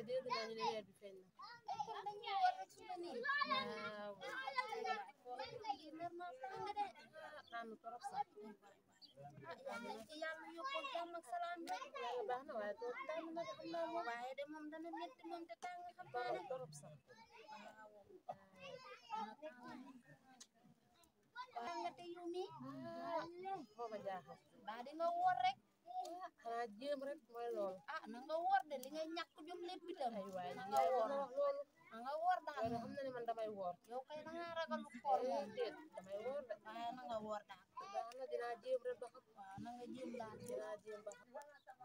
Öyle diyordu ben neler bir fenna. Anu torop sa. yàlla yóbbu ko jàmm ak salaam bi baax na waaye doo tàng na de xam naa moom waaye de moom dana métti moom te tàng xam naa ne torop sa. tàng te yow mii. booba jaaxal. baa di nga wóor rek. xanaa jéem rek mooy loolu. ah na nga woor de li ngay ñàkk jom lépp itam. aywaay na nga woor loolu. na nga woor daal waaye xam na ne man da ngaa ragal lu koor moom déet damay woor de. waaye na nga woor daal.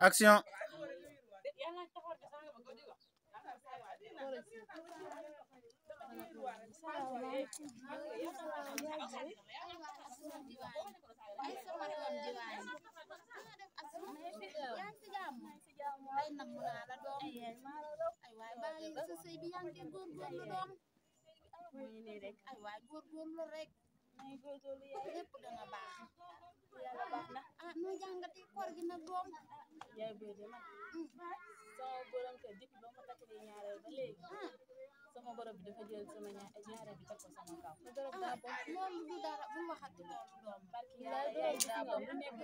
baax rek ba yaa ngi si jàmm ay nam naa la doom ay waay baa ngi sa sëy bi yaa ngi góorgóorlu doom ay waay góorgóorlu rek lépp dana baax yàlla baax na ah nu jàngati yaay booy de man sama borom kër depuis ba ma takkalee ñaareel ba léegi sama borom bi dafa jël sama ñaare bi teg ko sama kaw. te borom daa bon moom du dara bu ma xati nekk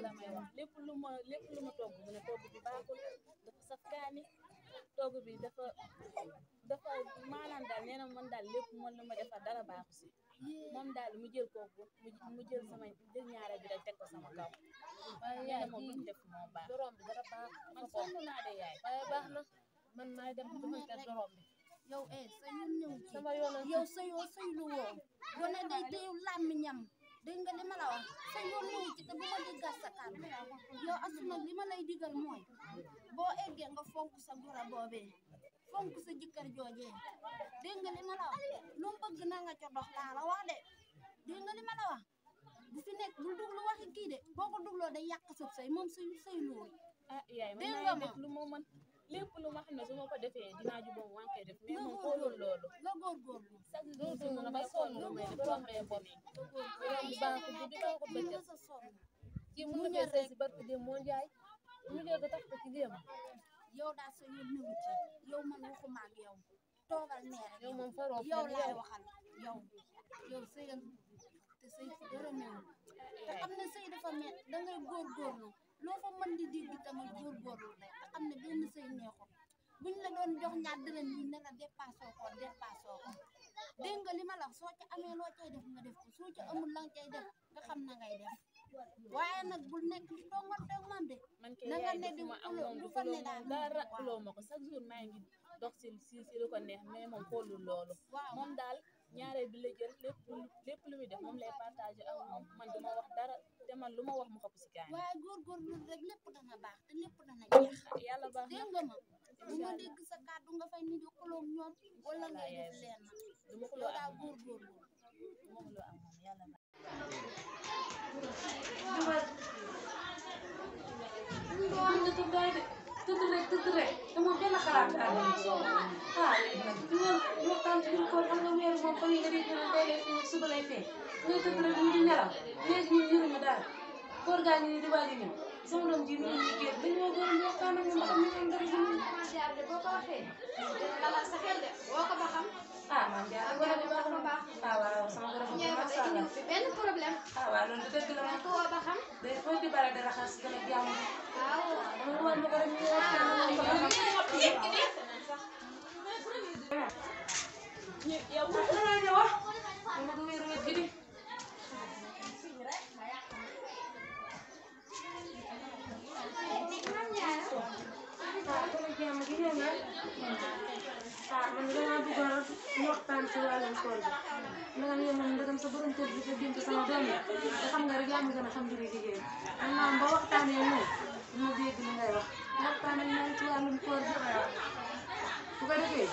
la may lépp lu ma lépp lu ma togg mu ne togg bi baaxul dafa saf kaani bi dafa dafa maanaam daal nee na man daal lépp man lu ma defar dara baaxu si moom daal mu jël kooku mu jël sama jël ñaare bi rek teg ko sama kaw. waaye yaay moom lu mu def moo baax borom bi dara baax man sonn naa yaay waaye baax na man maay dem dumantel borom bi yow eh sa yoon ñëw ci yow sa yoon sëylu woo gone day téew làmmiñam dégg li ma la wax sa yoon ñëw ci te bu ma di gas sa kàddu yow asuma li ma lay digal mooy boo eggee nga fonk sa gora boobee fonk sa jëkkër joojee dégg li ma la wax lu mu na nga ca dox laa wax de dégg nga li ma la wax bu fi nekk bu duglu waxi kii de boo ko dugloo day yàq sa sëy moom sëy sëy luwul ah yaay man naa def lu lépp lu ma xam ne su ma ko defee dinaa ju boobu wànkee def mais moom xoolul loolu nga góorgóorlu chaque jour su na ba sonn lu may def tombee bome yoon banque bi di toog bëccëg ci mu ñëw rek si barke dem moo njaay ñu jël ko tax ko ci dem yow daa sa yoon nëwu ci yow man waxuma ak yow toogal nee rek yow moom faroo yow laay waxal yow yow sëyal te sëy ci dara néew te xam ne sëy dafa met da ngay góorgóorlu loo fa mën di dégg tamit góorgóorlu rek xam na benn sëy neexu buñ la doon jox ñaar dërëm yi ne la dépassoo ko dépassoo ko dégg nga li ma la soo ca amee loo cay def nga def ko soo ca amul la nga cay def nga xam na ngay def waaye nag bul nekk di dongoon man de. na nga ne di lu fa ne daal dara loo ma ko chaque jour maa ngi dox si si lu ko neex mais moom xoolul loolu. waaw moom daal ñaaree bi la jël lépp lu muy def moom lay partagé ak moom man wax dara. te man lu ma wax mu xob si kaay. waaye góorgóorlu rek lépp dana baax te lépp dana jeex. yàlla baax nga ma bu ma dégg sa kàddu nga fay nit yi xuloo ñoom wala nga def leen du ma xuloo am góorgóorlu du ma xuloo am moom na. tëdd rek tëdd rek te moom benn na suba lay fee góor gaa ngi di waaj a ñëw sama doom ji mu ngi nii génn dañu woo góoram waxtaan ak moom ba xam ne moom dara si ñun. maman Diarra boo ko waxee. dalal sa xel de woo ko ba xam. ah maman Diarra góor bi baax na baax. ah waaw sama góoram bu baax saa la benn problème. ah waaw loolu dëgg la ma. ko woo ba xam. day fooy di bare dara xas gën a jàmm. waaw dama ko war a bëgg ñu waxtaan ak moom ba xam. yow lan la ñu wax. dama ko wéeru wéet gi di. damaa bëggoon a waxtaan ci wàllum koor bi nagam yow moom ndagam sa borom kër bi sa bint sama doom la te xam nga rek yaa ma gën a xam diri jigéen man maam ba waxtaanee moom ma dégg li ngay wax waxtaan ak man ci wàllum koor bi bu ko defee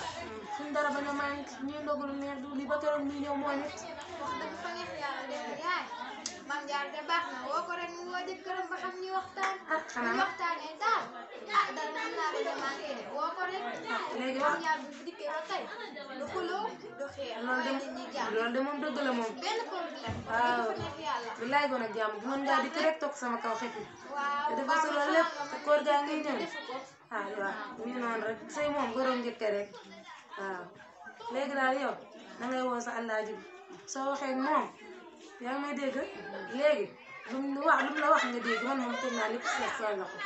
suñ dara ba ñoom maa ngi ñuy ndogalu meer du li ba keroog muy ñëw moo ñu. wax dëgg fa neex yàlla dem yaay maam jaar de baax na woo ko ren mu woo jëkkëram ba xam ñu waxtaan. ah xanaa ñu waxtaanee daal ah dara mën naa ko dem manqué de woo ko ren. Ah, léegi maam jaar bu dikkee ba tey du xuloo du xeex. loolu de nit ñi jaar loolu de moom dëgg la moom. benn problème. waaw fa neex yàlla. lu laay gën a jàmm mën ngaa dikk rek toog sama kaw xet yi. waaw te dafa solo lépp koor gaa ngi ñëw. ah waaw mi ngi noonu rek sëy moom gërëm njëkk rek waaw léegi daal yow da ngay woo sa soo waxee moom yaa ngi may dégg léegi lu mu wax lu mu la wax nga dégg man moom teg naa lépp si sa loxo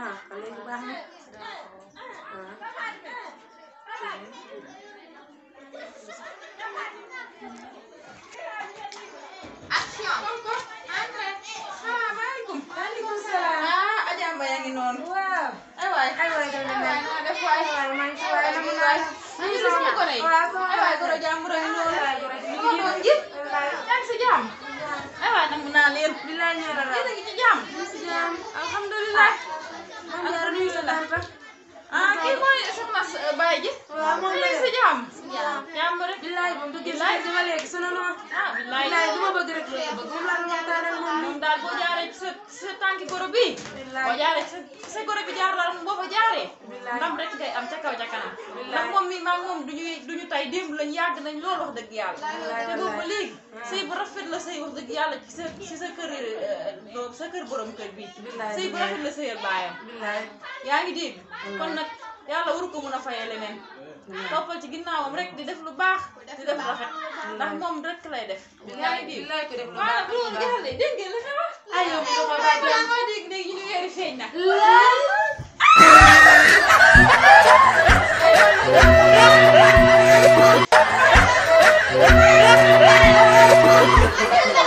ah kon baax na waaw. Ah. ay waay dama ne man ay waay man ci waay dama naan waaw sama waay goro jàmbur a ngi na sama doon ji yaa ngi si jàmm ay waay dama naa leer bi laa ñëw la yéen a ngi ci jàmm ci jàmm alhamdulilah alhamdulilah ah kii mooy soxna Baye ji waaw moom la si jàmm jàmm rek billaay moom du gis ma léegi sonal ma ah billaay du ma bëgg rek moom laa doon waxtaanal sa tànki goro bi boo jaaree sa sa goro bi jaar daal boo fa jaaree ndam rek ngay am ca kaw ca kanam ndax moom mi maa moom duñuy duñu tay démb lañ yàgg nañ loolu wax dëgg yàlla te boobu ba léegi sëy bu rafet la sëy wax dëgg yàlla ci sa ci sa kër sa kër borom kër bi sëy bu rafet la sëyal baayam yaa ngi dégg kon nag yàlla waru ko mun a fayee leneen toppal ci ginnaawam rek di def lu baax di def rafet ndax moom rek lay def yaa ngi dégg waaw bu loolu jaaxle dégg ngeen li xew ayo bi ko ba nga dégg léegi ñu weeri